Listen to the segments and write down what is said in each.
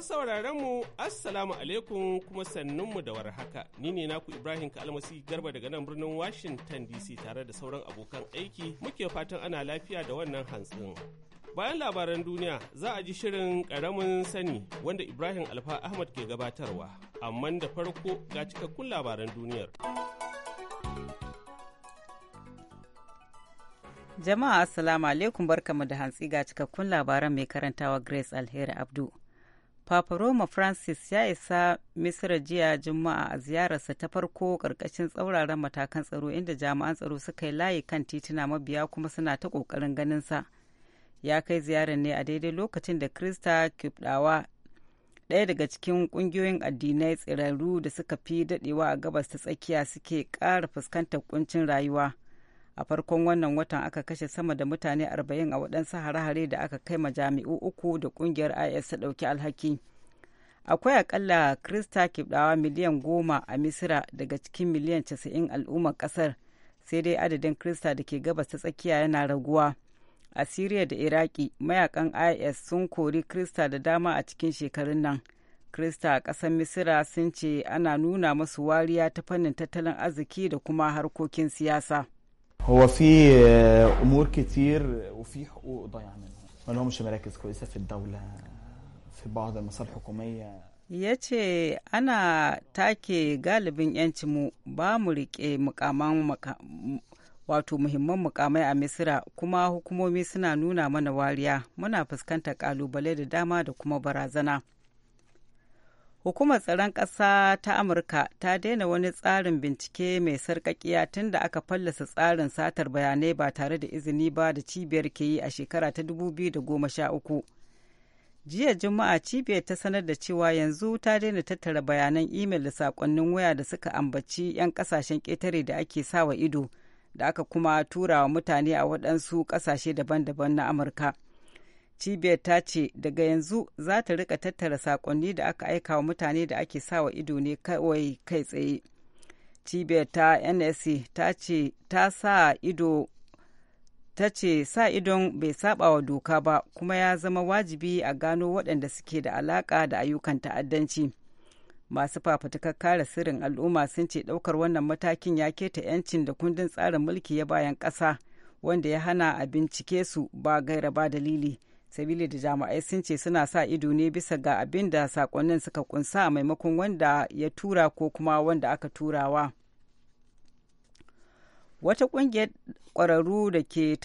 Masu sauraron mu Assalamu alaikum kuma sannunmu da warhaka. Ni ne naku Ibrahim Kalmasi Garba daga nan birnin Washington DC tare da sauran abokan aiki muke fatan ana lafiya da wannan hantsin. Bayan labaran duniya za a ji shirin ƙaramin sani wanda Ibrahim Alfa Ahmad ke gabatarwa, amma da farko ga cikakkun labaran duniyar. Jama'a Assalamu alaikum barkamu da hantsi ga cikakkun labaran mai karantawa Grace Alheri Abdu. Papa Roma Francis ya isa Misira jiya Juma'a a ziyararsa ta farko ƙarƙashin tsauraran matakan tsaro inda jami'an tsaro suka yi layi kan tituna mabiya kuma suna ta ƙoƙarin sa Ya kai ziyarar ne a daidai lokacin da Krista Kipdawa ɗaya daga cikin ƙungiyoyin addinai tsirarru da suka fi daɗewa a gabas ta tsakiya suke ƙara fuskantar kuncin rayuwa. a farkon wannan watan aka kashe sama da mutane 40 a waɗansu hare-hare da aka kai majami'u uku da ƙungiyar is ta ɗauki alhaki akwai akalla krista kibdawa miliyan goma a misira daga cikin miliyan 90 al'ummar ƙasar sai dai adadin krista da ke gabas ta tsakiya yana raguwa a siriya da iraki mayakan is sun kori krista da dama a cikin shekarun nan krista a ƙasar misira sun ce ana nuna masu wariya ta fannin tattalin arziki da kuma harkokin siyasa. هو في امور كتير وفي حقوق ضايعه منهم ما لهمش مراكز كويسه في الدوله في بعض المصالح الحكوميه ya ce ana take galibin yancinmu ba mu riƙe mukaman wato muhimman mukamai a misira kuma hukumomi suna nuna mana wariya muna fuskantar kalubale da dama da kuma barazana hukumar tsaron ƙasa ta amurka ta daina wani tsarin bincike mai sarƙaƙiya tun da aka fallasa tsarin satar bayanai ba tare da izini ba da cibiyar ke yi a shekara ta 2013 jiya juma'a cibiyar ta sanar da cewa yanzu ta daina tattara bayanan imel da saƙonnin waya da suka ambaci 'yan ƙasashen ƙetare da ake sawa ido da aka kuma tura wa mutane a waɗansu ƙasashe daban-daban na amurka. cibiyar ta ce daga yanzu za ta rika tattara sakonni da aka aika wa mutane da ake sawa ido ne kawai kai tsaye cibiyar ta nsc ta ce ta sa ido ta ce sa idon bai saba wa doka ba kuma ya zama wajibi a gano waɗanda suke da alaka da ayyukan ta'addanci masu fafutukar kare sirrin al'umma sun ce ɗaukar wannan matakin ya keta 'yancin da kundin tsarin mulki ya bayan ƙasa wanda ya hana a bincike su ba gaira ba dalili sabili da jami'ai sun ce suna sa ido ne bisa ga abin da sakonnin suka kunsa maimakon wanda ya tura ko kuma wanda aka turawa wata kungiyar kwararru da ke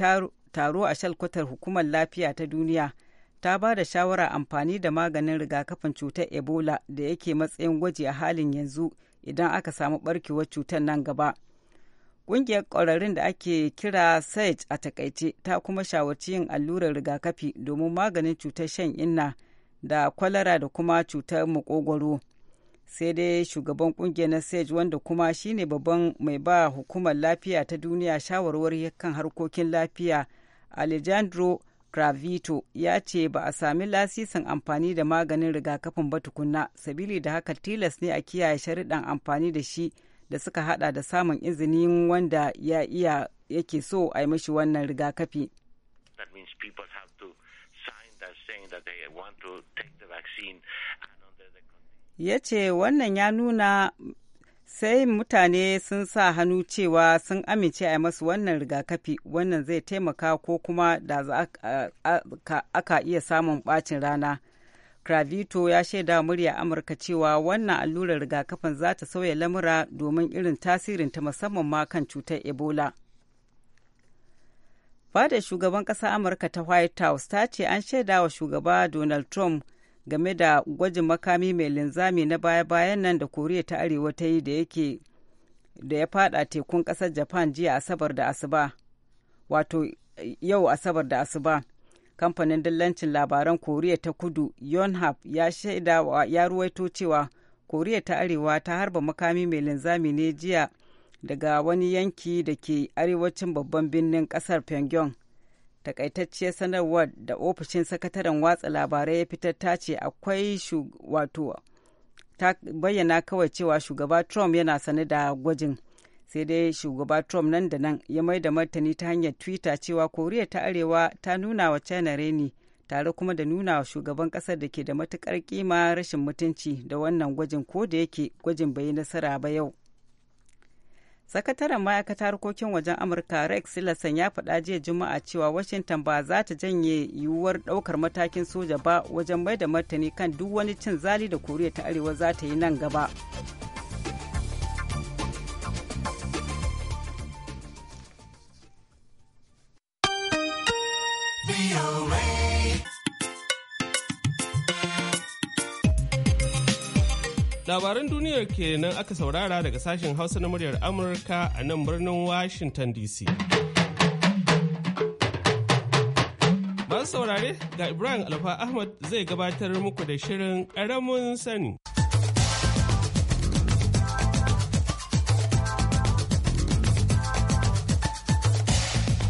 taro a shalkwatar hukumar lafiya ta duniya ta ba da shawara amfani da maganin rigakafin cutar ebola da yake matsayin gwaji a halin yanzu idan aka samu barkewar cutar nan gaba. Ƙungiyar ƙwararrun da ake kira SAGE a takaice ta kuma shawarci yin allurar rigakafi domin maganin cutar shan inna da kwalara da kuma cutar makogwaro. Sai dai shugaban ƙungiyar na SAGE wanda kuma shine babban mai ba hukumar lafiya ta duniya shawarwari kan harkokin lafiya Alejandro Gravito ya ce ba a sami lasisin amfani da maganin rigakafin ba tukunna, sabili da haka tilas ne a kiyaye sharuɗan amfani da shi. da suka hada da samun izinin wanda ya iya yake so a yi mashi wannan rigakafi. Ya ce wannan ya nuna sai mutane sun sa hannu cewa sun amince a yi masu wannan rigakafi wannan zai taimaka ko kuma da aka iya samun bacin rana. Kravito ya shaida murya Amurka cewa wannan allurar rigakafin za ta sauya lamura domin irin tasirin ta musamman ma kan cutar Ebola. Fadar shugaban ƙasa Amurka ta White House ta ce an shaida wa shugaba Donald Trump game da gwajin makami mai linzami na baya-bayan nan da Koriya ta Arewa ta yi da yake da ya fada tekun ƙasar Japan jiya Asabar yau Asabar da Asuba. kamfanin dillancin labaran koriya ta kudu yonhap ya shaida ya ruwaito cewa koriya ta arewa ta harba makami mai linzami ne jiya daga wani yanki da ke arewacin babban birnin kasar pyongyang takaitacciyar sanarwar da ofishin sakataren watsa labarai ya fitar ta ce akwai wato ta bayyana kawai cewa shugaba trump yana sane da gwajin sai dai shugaba trump nan da nan ya mai da martani ta hanyar twitter cewa koriya ta arewa ta nuna wa china reni tare kuma da nuna wa shugaban kasar da ke da matukar kima rashin mutunci da wannan gwajin ko da yake gwajin bai nasara ba yau sakataren ma'aikatar harkokin wajen amurka rex tillerson ya faɗa jiya juma'a cewa washington ba za ta janye yiwuwar ɗaukar matakin soja ba wajen mai da martani kan duk wani cin zali da koriya ta arewa za ta yi nan gaba labaran duniyar kenan aka saurara daga sashen hausa na muryar amurka a nan birnin washington dc masu saurare ga ibrahim alfa ahmad zai gabatar muku da shirin ƙaramin sani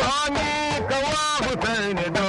भांगे कवा हुसैन दो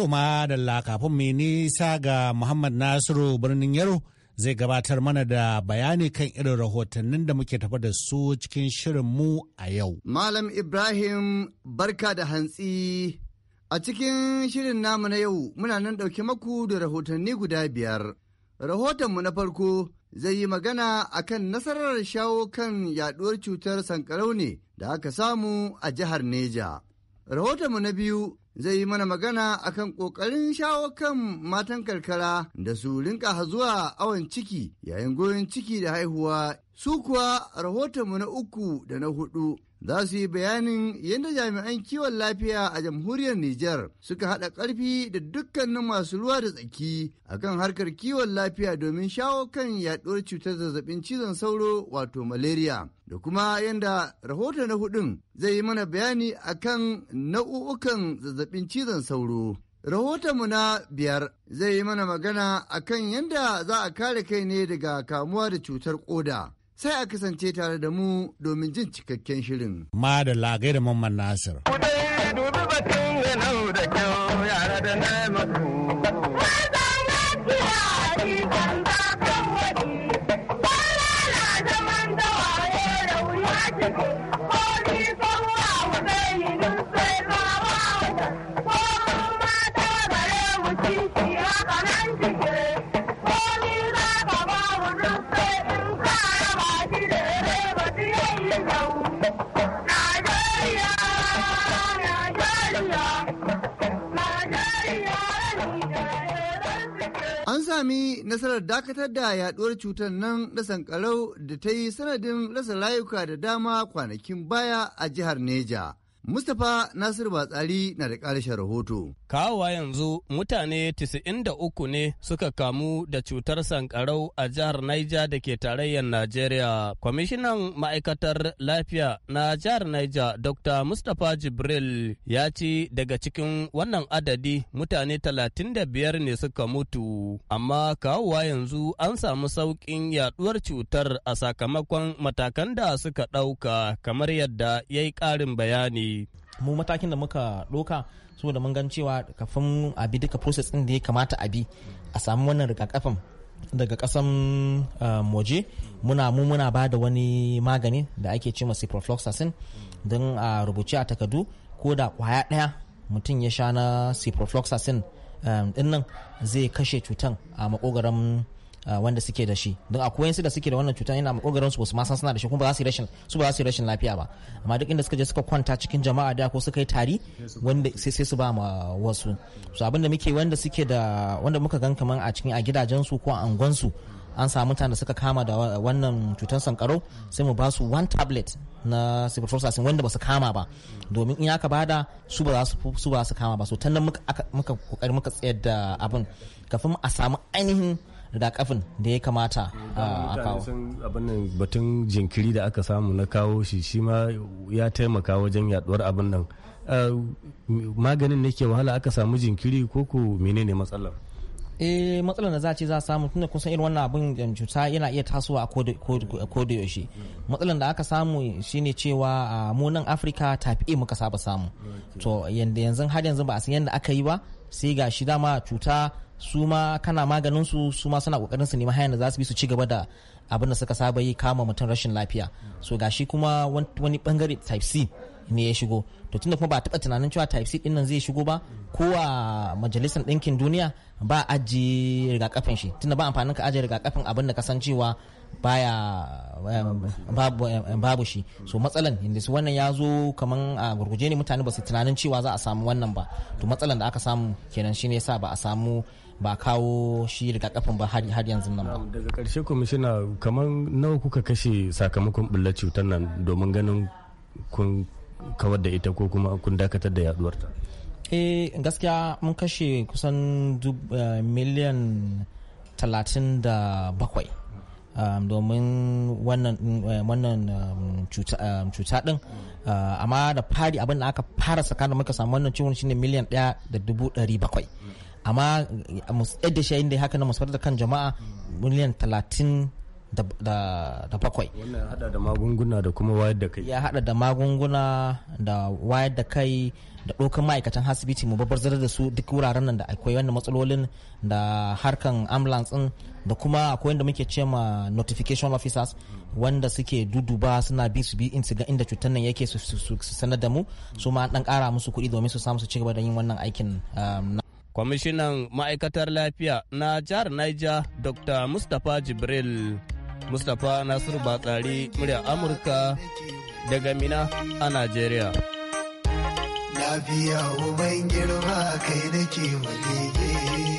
To ma da lakafin mai nisa ga Muhammad Nasiru birnin Yaro zai gabatar mana da bayani kan irin rahotannin da muke tafa da su cikin shirin mu a yau. Malam Ibrahim barka da hantsi a cikin shirin namu na yau muna nan ɗauke maku da rahotanni guda biyar. Rahotonmu na farko zai yi magana a kan nasarar shawo kan yaduwar cutar sankarau ne da aka samu a jihar Neja. Rahotonmu na biyu zai yi mana magana akan kokarin shawo kan matan karkara da su rinka zuwa awon ciki yayin goyon ciki da haihuwa su kuwa rahotonmu na uku da na hudu za su yi bayanin yadda jami'an kiwon lafiya a jamhuriyar Nijar suka haɗa ƙarfi da dukkanin masu ruwa da tsaki akan harkar kiwon lafiya domin shawo kan yaɗuwar cutar zazzabin cizon sauro wato malaria da kuma yadda rahoto na hudun zai yi mana bayani a kan nau'ukan zazzabin cizon sauro. Rahotonmu na biyar zai yi mana magana akan yadda za a kare kai ne daga kamuwa da cutar ƙoda. sai a kasance tare da mu domin jin cikakken shirin. Ma da lagai da Mamman Nasir. Kudai dubi batun ganau da kyau yara da na sami nasarar dakatar da yaduwar cutar nan da sankarau da ta yi sanadin rasa layuka da dama kwanakin baya a jihar Neja. Mustapha Nasir Batsari na da ƙarshen rahoto. Kawowa yanzu mutane 93 ne suka kamu da cutar sankarau a jihar Niger da ke tarayyar Najeriya. Kwamishinan ma'aikatar lafiya na jihar Niger Dr. Mustapha Jibril ya ce daga cikin wannan adadi mutane 35 ne suka mutu. Amma kawowa yanzu an samu sauƙin yaduwar cutar a sakamakon matakan da suka ɗauka kamar yadda ya yi ƙarin bayani. mu matakin da muka ɗoka saboda mun gan cewa kafin a bi duka process ɗin da ya kamata a bi a samu wannan rigakafin daga kasan eh, waje muna mu muna ba da wani magani da ake ce masa ciprofloxacin don a rubuce a takardu ko da kwaya ɗaya mutum ya sha na ciprofloxacin eh, ɗin nan zai kashe cutan a makogaran Uh, wanda suke da shi don akwai su da suke da wannan cutar yana makogaran su ba su ma san suna da shi kuma ba za su yi rashin su ba za su yi rashin lafiya ba amma duk inda suka je suka kwanta cikin jama'a da ko suka yi tari wanda sai sai su ba ma wasu so abinda muke wanda suke da wanda muka gan kaman a cikin a gidajen su ko a angon su an samu mutane suka kama da wannan cutar sankarau sai mu ba su one tablet na ciprofloxacin wanda ba su kama ba domin in aka bada su ba su kama ba so tannan muka kokari muka tsayar da abin kafin a samu ainihin rigakafin da ya kamata ah, a kawo. abin batun jinkiri da aka samu na kawo shi shi ma ya taimaka wajen yaduwar abin nan ah, maganin ne ke wahala aka samu jinkiri ko ko menene matsalar eh matsalar da za ce za samu tunda kun irin wannan abin eh, cuta yana iya tasowa a koda yaushe matsalar da aka samu shine cewa ah, mu nan afirka tafi muka saba samu to yanzu har yanzu ba a san yadda aka yi ba sai ga shi dama cuta su ma kana maganin su su ma suna kokarin su nemi hanyar da za su bi su ci gaba da abin da suka saba yi kama mutum rashin lafiya so gashi kuma wani bangare type c ne ya shigo to tunda kuma ba taba tunanin cewa type c din nan zai shigo ba ko a majalisar ɗinkin duniya ba aji rigakafin shi tunda ba amfanin ka ajiye rigakafin abin da cewa baya babu shi so matsalan inda su wannan ya zo kaman a gurguje ne mutane ba su tunanin cewa za a samu wannan ba to matsalan da aka samu kenan shine yasa ba a samu ba kawo shi rigakafin ba har yanzu nan ba daga karshe kwamishina kamar nawa kuka kashe sakamakon bulla cutar nan domin ganin kun kawar da ita ko kuma kun dakatar da ta. eh gaskiya mun kashe kusan eh, miliyan talatin da bakwai um, domin wannan eh, um, cuta din um, eh, amma da fari abin da aka fara tsakanin muka samu wannan ciwon shine miliyan ɗaya da dubu ɗari bakwai amma da shi inda haka na musayar da kan jama'a miliyan talatin da bakwai wannan hada da magunguna da kuma wayar da kai ya hada da magunguna da wayar da kai da ɗaukar ma'aikatan asibiti mu babbar da su duk wuraren nan da akwai wannan matsalolin da harkan ambulance din da kuma akwai wanda muke ce notification officers wanda suke duduba suna bi su bi in su ga inda cutar nan yake su sanar da mu su ma dan kara musu kuɗi domin su samu su ci gaba da yin wannan aikin um, kwamishinan ma'aikatar lafiya na jihar niger dr mustapha jibril mustapha nasiru batsari murya amurka daga mina a Najeriya. lafiya uban girma kai nake malege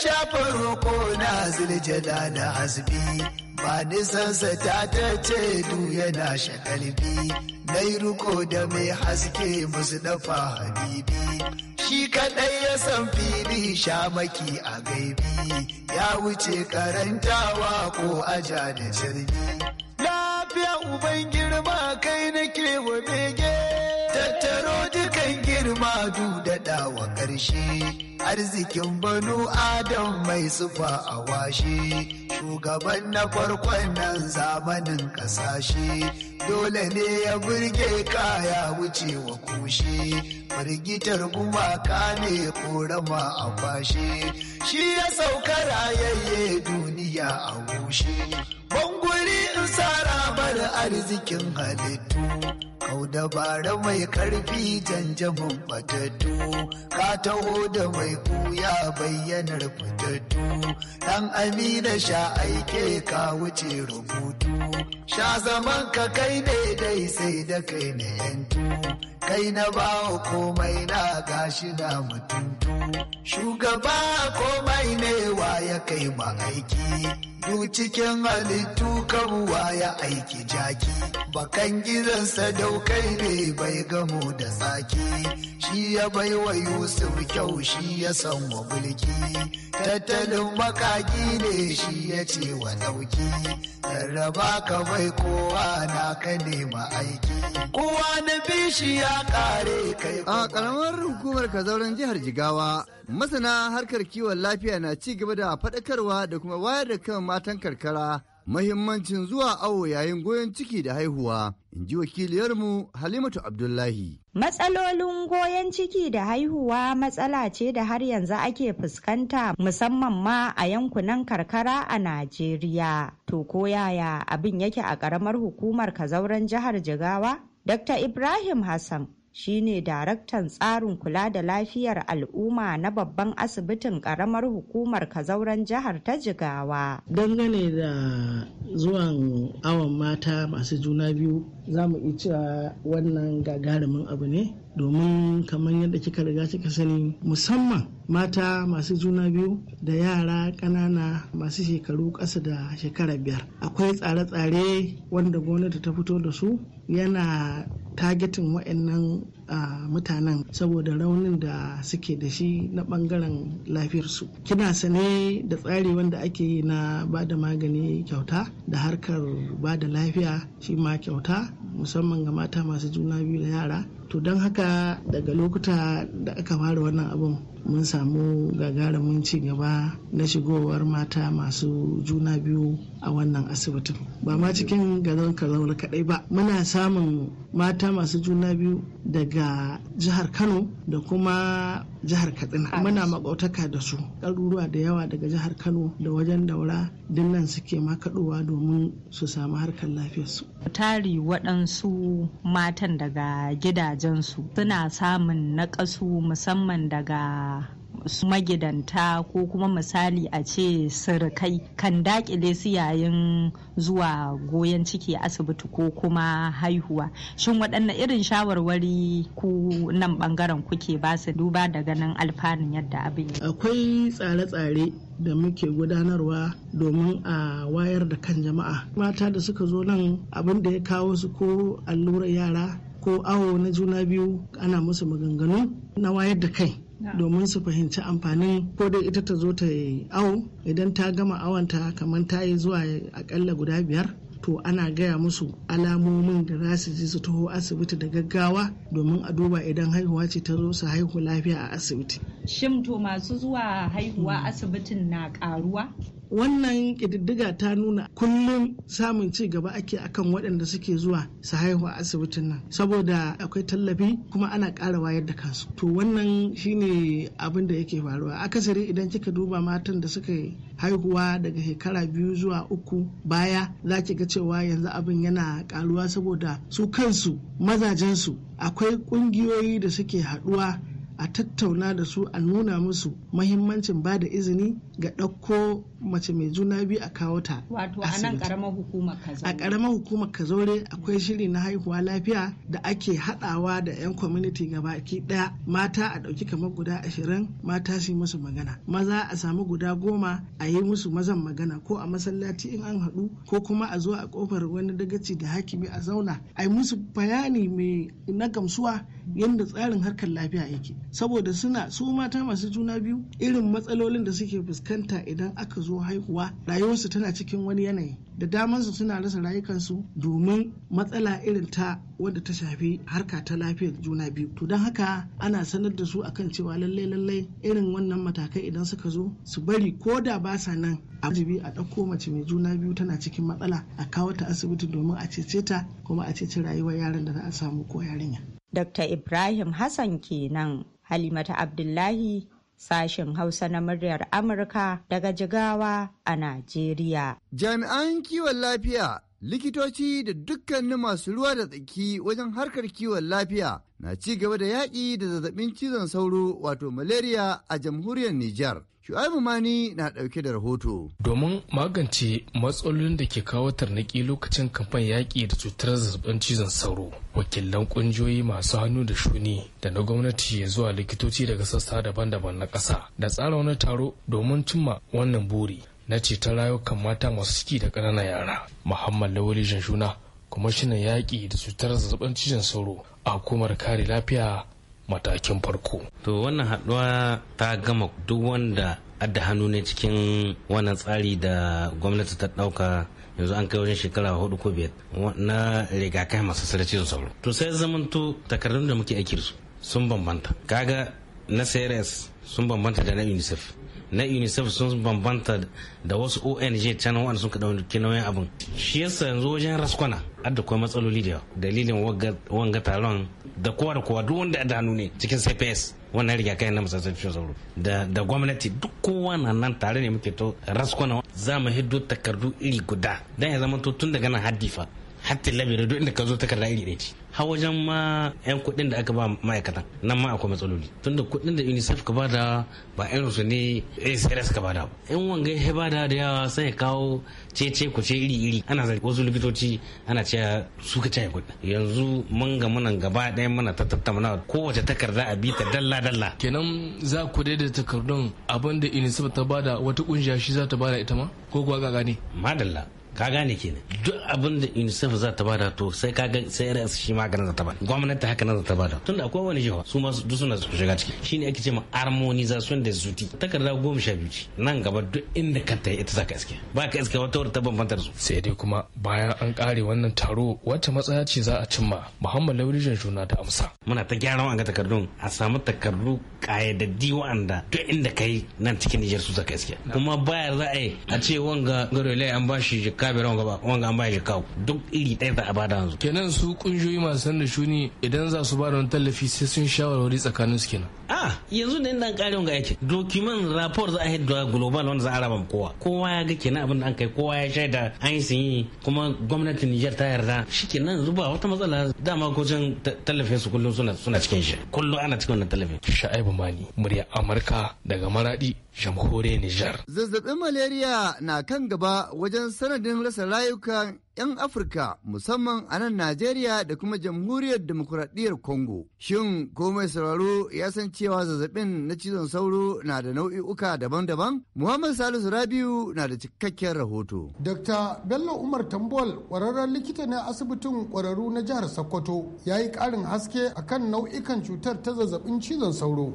shafa roƙo na ziljada da hasbi ba sa ta ta ce du yana shakalbi yi ruko da mai haske musu dafa habibi shi kaɗai ya san fili shamaki a gaibi ya wuce karantawa ko aja da jirgi lafiya uban girma kai nake wa bege tattaro madu da dawa ƙarshe arzikin banu adam mai sufa a washe shugaban na farkon nan zamanin ƙasashe dole ne ya burge kaya wucewa kushe firgitar gumaka ne korama a kwashe shi ya sauka rayayye duniya a wushe banguri in sara bar arzikin halittu Kau bara mai karfi janjamin fatattu, ka taho da mai kuya bayyanar fatattu, ɗan amina sha aike ka wuce rubutu, sha zaman ka kai ne dai sai da kai na yantu, kai na bawa komai na gashi na mutuntu, shugaba komai ne wa ya kai ma aiki. Du cikin halittu kan ya aiki jaki, bakan gizansa dau kai ne bai gamo da tsaki shi ya bai wa yusuf kyau shi ya san wa mulki tattalin makaki ne shi ya ce wa dauki rarraba ka bai kowa na ka nema aiki kowa na shi ya kare kai a karamar hukumar kazauran jihar jigawa masana harkar kiwon lafiya na ci gaba da faɗakarwa da kuma wayar da kan matan karkara mahimmancin zuwa awo yayin goyon ciki da haihuwa in ji wakiliyarmu halimatu abdullahi matsalolin goyon ciki da haihuwa matsala ce da har yanzu ake fuskanta musamman ma a yankunan karkara a najeriya to ko yaya abin yake a ƙaramar hukumar kazauren jihar jigawa dr ibrahim hassan shine daraktan tsarin kula da lafiyar al'umma na babban asibitin karamar hukumar kazauran jihar ta jigawa dangane da zuwan awon mata masu juna biyu za mu cewa wannan gagarumin abu ne domin kamar yadda kika riga kika sani musamman mata masu juna biyu da yara ƙanana masu shekaru ƙasa da shekara biyar akwai tsare-tsare wanda gwamnati ta fito da su yana targetin wa'annan mutanen saboda raunin da suke da shi na bangaren lafiyarsu kina sane da tsari wanda ake yi na ba da magani kyauta da harkar ba da lafiya shi ma kyauta musamman ga mata masu juna biyu da yara to don haka daga lokuta da aka fara wannan abin. mun samu gagarumin ci gaba na shigowar mata masu juna biyu a wannan asibitin ba ma cikin garin kazaure kadai ba muna samun mata masu juna biyu daga jihar kano da kuma jihar katsina muna makautaka da su ɗaruruwa da yawa daga jihar kano da wajen daura dinnan suke makaɗowa domin su samu harkar lafiyarsu tari waɗansu matan daga gidajensu suna samun naƙasu musamman daga magidanta ko kuma misali a ce sirikai kan dakile su yayin zuwa goyon ciki asibiti ko kuma haihuwa shin waɗanne irin shawarwari ku nan ɓangaren kuke ba su duba da ganin alfanun yadda abin akwai tsare-tsare da muke gudanarwa domin a wayar da kan jama'a mata da suka zo nan abin da ya kawo su ko allurar yara ko awo na juna biyu ana musu maganganu na wayar da kai domin su fahimci amfanin ko dai ita ta zo ta yi awo idan ta gama awanta kamar ta yi zuwa akalla guda biyar to ana gaya musu alamomin da za su ji su taho asibiti da gaggawa domin a duba idan haihuwa ce ta zo su haihu lafiya a asibiti. Shin to masu zuwa haihuwa asibitin na karuwa? wannan ƙididdiga ta nuna kullum samun ci gaba ake akan waɗanda suke zuwa su haihu a asibitin nan saboda akwai tallafi kuma ana ƙara wayar da kansu to wannan shine abin da yake faruwa akasari idan kika duba matan da suka haihuwa daga shekara biyu zuwa uku baya za ki ga cewa yanzu abin yana ƙaruwa saboda su kansu mazajensu akwai ƙungiyoyi da suke haɗuwa a tattauna da su a nuna musu mahimmancin ba da izini ga ɗauko mace mai juna biyu a kawo ta a nan ƙaramar hukumar kazaure a ƙaramar hukumar kazore akwai shiri na haihuwa lafiya da ake haɗawa da 'yan community gabaki ɗaya mata a ɗauki kamar guda ashirin mata su yi musu magana maza a samu guda goma a yi musu mazan magana ko a masallaci in an haɗu ko kuma a zo a ƙofar wani dagaci da hakimi a zauna a yi musu bayani mai na gamsuwa yadda tsarin harkar lafiya yake saboda suna su mata masu juna biyu irin matsalolin da suke fuskanta fuskanta idan aka zo haihuwa rayuwarsu tana cikin wani yanayi da damansu suna rasa rayukansu domin matsala irin ta wanda ta shafi harka ta lafiyar juna biyu to don haka ana sanar da su akan cewa lallai lallai irin wannan matakai idan suka zo su bari ko da ba sa nan a jibi a ɗauko mace mai juna biyu tana cikin matsala a kawo ta asibiti domin a cece ta kuma a cece rayuwar yaron da za a samu ko yarinya. Dr. Ibrahim Hassan kenan Halimata Abdullahi sashen Hausa na muryar Amurka daga Jigawa a Najeriya. Jami'an kiwon lafiya likitoci da dukkanin masu ruwa da tsaki wajen harkar kiwon lafiya na ci gaba da yaƙi da zazzabin cizon sauro wato malaria a jamhuriyar Nijar. Shu'aibu Mani na ɗauke da rahoto. Domin magance matsalolin da ke kawo tarnaki lokacin kamfan yaƙi da cutar zazzabin cizon sauro, wakilan ƙungiyoyi masu hannu da shuni da na gwamnati ya zuwa likitoci daga sassa daban-daban na ƙasa da tsara wani taro domin cimma wannan buri. na ce ta rayukan mata masu ciki da ƙananan yara muhammad lawali janshuna kwamishinan yaƙi da cutar zazzabin cizon sauro a hukumar kare lafiya matakin farko to wannan haɗuwa ta gama duk wanda adda hannu ne cikin wannan tsari da gwamnati ta ɗauka yanzu an kai wajen shekara hudu ko biyar na rigakafi masu cizon sauro to sai zamanto takardun da muke aiki sun bambanta kaga na crs sun bambanta da na unicef na unicef sun bambanta da wasu ong can wanda sun ɗauki nauyin abin shi yasa yanzu wajen raskwana adda kuwa matsaloli da dalilin wanga taron da kowa da kowa duk wanda da hannu ne cikin cps wannan kayan na masasafin sauro da da gwamnati duk kowa na nan tare ne muke to raskwana za mu hiddo takardu iri guda don ya zama to tun daga nan haddifa hatta labirin duk inda ka zo takarda iri ɗaya ce har wajen ma 'yan kuɗin da aka ba ma'aikatan nan ma akwai matsaloli tunda kuɗin da unicef ka bada ba 'yan su ne acrs ka bada ba in wanga ya bada da yawa sai ya kawo cece ku ce iri iri ana zai wasu likitoci ana cewa su ka caya kuɗi yanzu mun ga munan gaba ɗaya muna ta muna kowace takarda a bita dalla dalla kenan za ku da takardun abin da unicef ta bada wata kungiya shi za ta bada ita ma ko kuwa ga gane madalla ka gane kenan duk abin da unicef za ta bada to sai ka sai rs shi ma gana za ta bada gwamnati haka na za ta bada tunda akwai wani jiha su ma duk suna shiga ciki shine ake cewa harmonization da zuti takarda goma sha biyu nan gaba duk inda ka ta ita za ka iske ba ka iske wata wata bambanta da su sai dai kuma bayan an kare wannan taro wacce matsaya ce za a cimma muhammad laurijan juna da amsa muna ta gyaran an ga takardun a samu takardu ƙayyadaddi wa'anda duk inda kai nan cikin Nijar su zaka iske kuma baya za a yi a ce wanga ilai an ba shi jikka bai wanga ba wanga an ba shi duk iri ɗaya za a bada yanzu kenan su kunjoyi masu sanda shuni idan za su ba da tallafi sai sun shawarwari tsakanin su kenan a ah. yanzu ne dan karin ga yake document report za a hidda global wanda za a raba kowa kowa ya ga kenan abin da an kai kowa ya shaida an yi sanyi kuma gwamnatin Niger ta yarda shikenan yanzu ba wata matsala dama gojin tallafin su kullum suna suna cikin shi kullum ana cikin wannan tallafin Sha'ibu Mali. murya Amurka daga Maradi jamhuriyar Nijar. Zazzabin malaria na kan gaba wajen sanadin rasa rayukan 'yan Afirka musamman a nan Najeriya da kuma jamhuriyar demokuraɗiyyar Congo. Shin ko mai sauraro ya san cewa zazzabin na cizon sauro na da nau'i'uka daban-daban? Muhammad Salisu Rabiu na da cikakken rahoto. Dr. Bello Umar Tambol, ƙwararren likita ne asibitin ƙwararru na jihar Sokoto, ya yi ƙarin haske akan nau'ikan cutar ta zazzabin cizon sauro.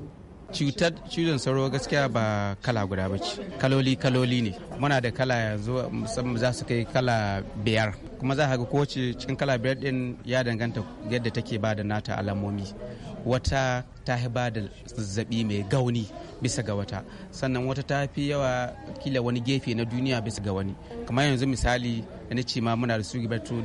cutar cizon sauro gaskiya ba kala guda ba kaloli kaloli ne muna da kala yanzu musamman za su kai kala biyar kuma za ka ga kowace cikin kala biyar din ya danganta yadda take ba da nata alamomi wata ta fi ba da zazzabi mai gauni bisa ga wata sannan wata ta fi yawa kila wani gefe na duniya bisa ga wani kamar yanzu misali na ce ma muna da su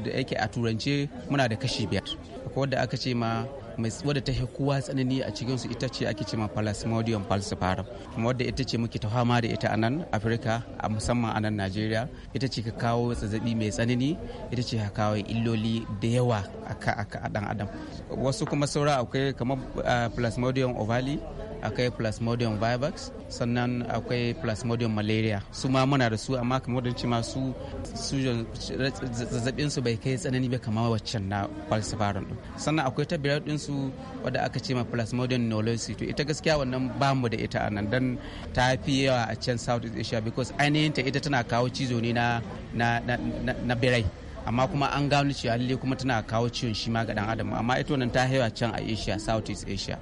da yake a turance muna da kashi biyar akwai wadda aka ce ma wadda ta kowa tsanani a cikin su ita ce ake cewa plasmodium falciparum kuma wadda ita ce muke ta fama da ita a nan afirka a musamman a nan najeriya ita ce ka kawo zazzabi mai tsanani ita ce ka kawo illoli da yawa a dan adam wasu kuma saura akwai kamar eh, plasmodium ovale akwai plasmodium vivax sannan akwai plasmodium malaria su ma muna da su amma kamar da ma su zazzabin su bai kai tsanani ba kamar waccan na falciparum din sannan akwai ta biyar din su wadda aka ce ma plasmodium nolosi to ita gaskiya wannan ba mu da ita a nan dan ta fi yawa a can south east asia because ainihin ta ita tana kawo cizo ne na na birai amma kuma an gano cewa lalle kuma tana kawo ciwon shi ma ga dan adam amma ita wannan ta haiwa can a asia south east asia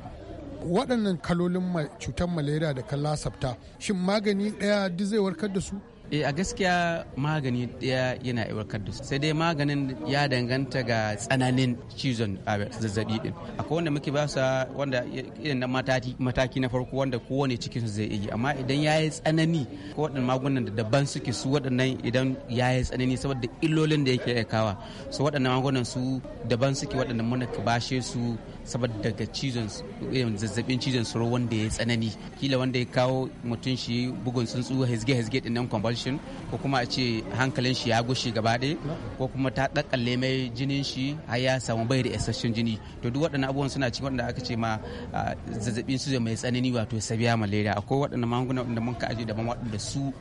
waɗannan kalolin cutar malaria da lasafta shin magani ɗaya duk zai warkar da su E a gaskiya magani ɗaya yana warkar da su sai dai maganin ya danganta ga tsananin cizon zazzabi din akwai wanda muke ba su wanda irin mataki na farko wanda kowane cikin su zai yi amma idan ya yi tsanani ko waɗannan magunan da daban suke su waɗannan idan ya yi tsanani saboda illolin da yake kawa su waɗannan magunan su daban suke waɗannan muna bashe su saboda daga cizon zazzabin cizon suro wanda ya tsanani kila wanda ya kawo mutum shi bugun tsuntsu hezge hezge din convulsion ko kuma a ce hankalin shi ya gushe gaba ɗaya ko kuma ta dakalle mai jinin shi har ya samu bai da isasshen jini to duk waɗannan abubuwan suna cikin waɗanda aka ce ma zazzabin cizon mai tsanani wato sabiya malaria akwai waɗannan magunguna wanda muka aje daban waɗanda su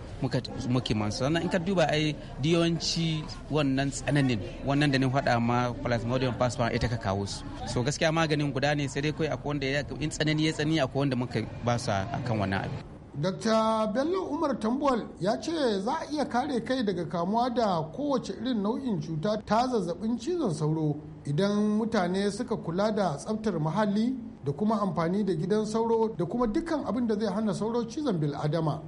muke mansu sannan in ka duba ai diyonci wannan tsananin wannan da ni faɗa ma plasmodium falciparum ita ka kawo su so gaskiya magani maganin guda ne sai dai kai akwai wanda ya in tsanani ya tsanani akwai wanda muka ba su akan wannan abu Dr. Bello Umar Tambol ya ce za a iya kare kai daga kamuwa da kowace irin nau'in cuta ta zazzabin cizon sauro idan mutane suka kula da tsaftar muhalli da kuma amfani da gidan sauro da kuma dukkan abin da zai hana sauro cizon bil'adama.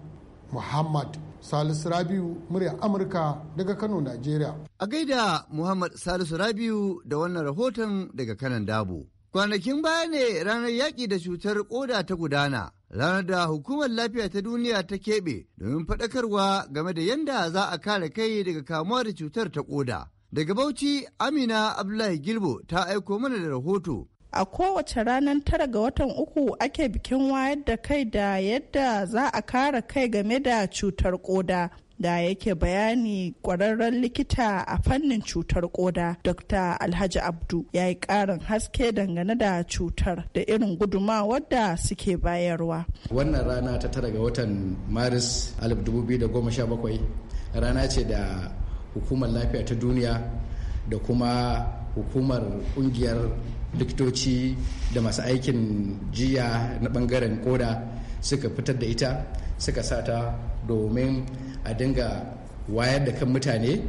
Muhammad Salisu Rabiu murya Amurka daga Kano, Najeriya. A gaida Muhammad Salisu Rabiu da wannan rahoton daga kanan Dabo. Kwanakin baya ne ranar yaƙi da cutar koda ta gudana, ranar da hukumar lafiya ta duniya ta keɓe domin faɗakarwa game da yadda za a kare kai daga kamuwa da cutar ta ƙoda. Daga Bauchi, Amina Abdullahi Gilbo ta aiko mana da rahoto a kowace ranar tara ga watan uku ake bikin wayar da kai da yadda za a kare kai game da cutar koda da yake bayani kwararren likita a fannin cutar koda dr alhaji abdu ya yi karin haske dangane da cutar da irin gudumawar da suke bayarwa wannan rana ta tara ga watan maris 2017 rana ce da hukumar lafiya ta duniya da kuma hukumar kungiyar likitoci da masu aikin jiya na bangaren koda suka fitar da ita suka sata domin a dinga wayar da kan mutane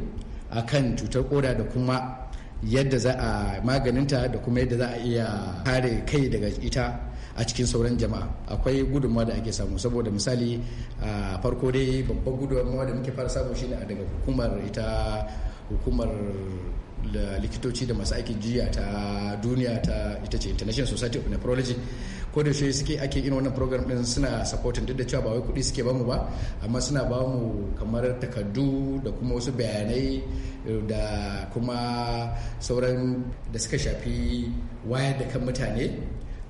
a kan cutar koda da kuma yadda za a maganinta da kuma yadda za a iya kare kai daga ita a cikin sauran jama'a akwai gudunmawa da ake samu saboda misali a farko dai babban gudunmawa da muke fara samu shine a daga hukumar ita hukumar likitoci da masu aikin jiya ta duniya ta ita ce international society of nephrology ko da shi suke ake in wannan program din suna supporting duk da cewa ba wai kuɗi suke bamu ba amma suna bamu kamar takardu da kuma wasu bayanai da kuma sauran da suka shafi wayar da kan mutane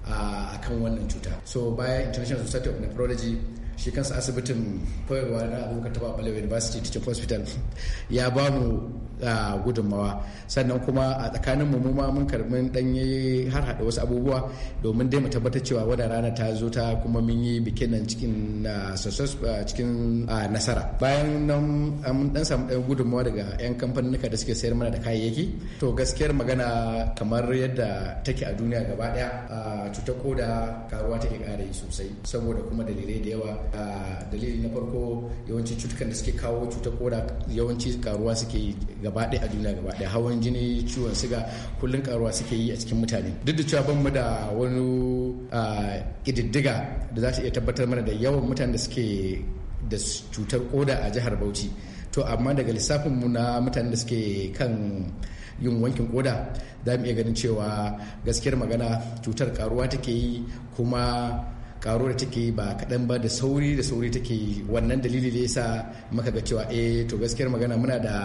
a kan wannan cuta so baya international society of nephrology shi kansa asibitin koyarwa na abubakar taba balewa university teaching hospital ya bamu gudunmawa sannan kuma a tsakanin mu ma mun karbi dan har hada wasu abubuwa domin dai mu tabbatar cewa wadda rana ta zo ta kuma mun yi bikin nan cikin ah, ah, cikin ah, nasara bayan nan mun dan samu dan gudunmawa daga yan kamfanin da suke sayar mana da kayayyaki to gaskiyar magana kamar yadda take a duniya gaba daya cutar koda karuwa take kara yi sosai saboda kuma dalilai da yawa dalili na farko yawanci cutukan da suke kawo cutar koda yawanci karuwa suke yi gaba ɗaya a duniya gaba ɗaya hawan jini ciwon siga kullum karuwa suke yi a cikin mutane duk da cewa ban mu da wani ƙididdiga da za ta iya tabbatar mana da yawan mutanen da suke da cutar koda a jihar bauchi to amma daga lissafin mu na mutanen da suke kan yin wankin koda za mu iya ganin cewa gaskiyar magana cutar karuwa take yi kuma karo da take ba kaɗan ba da sauri da sauri take wannan dalili da sa maka ga cewa eh to gaskiyar magana muna da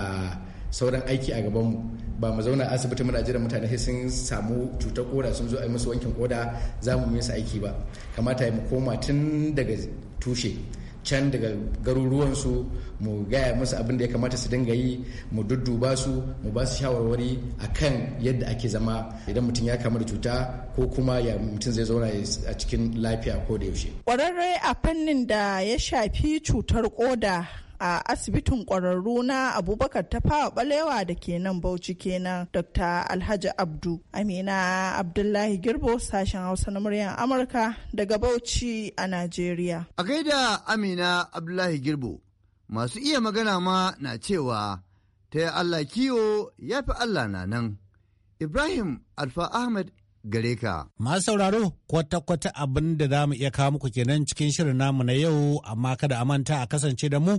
sauran aiki a gaban mu ba mu zauna asibiti muna jiran mutane sai sun samu cutar koda sun zo a yi musu wankin koda za mu yi su aiki ba kamata mu koma tun daga tushe can daga garuruwansu mu gaya musu abin da ya kamata su dinga yi mu dudduba su mu ba su shawarwari akan yadda ake zama idan mutum ya kamu da cuta ko kuma ya mutum zai zauna a cikin lafiya ko da yaushe. Ƙwararre a fannin da ya shafi cutar koda a asibitin kwararru na abubakar ta fawa balewa da ke nan bauchi kenan dr alhaji abdu amina abdullahi girbo sashen hausa na muryar amurka daga bauchi a najeriya a gaida amina abdullahi girbo masu iya magana ma na cewa ta yi allah kiwo ya fi allah na nan ibrahim alfa ahmed gare ka. Masu sauraro kwata-kwata abin da za mu iya kawo muku kenan cikin shirin namu na yau amma kada a manta a kasance da mu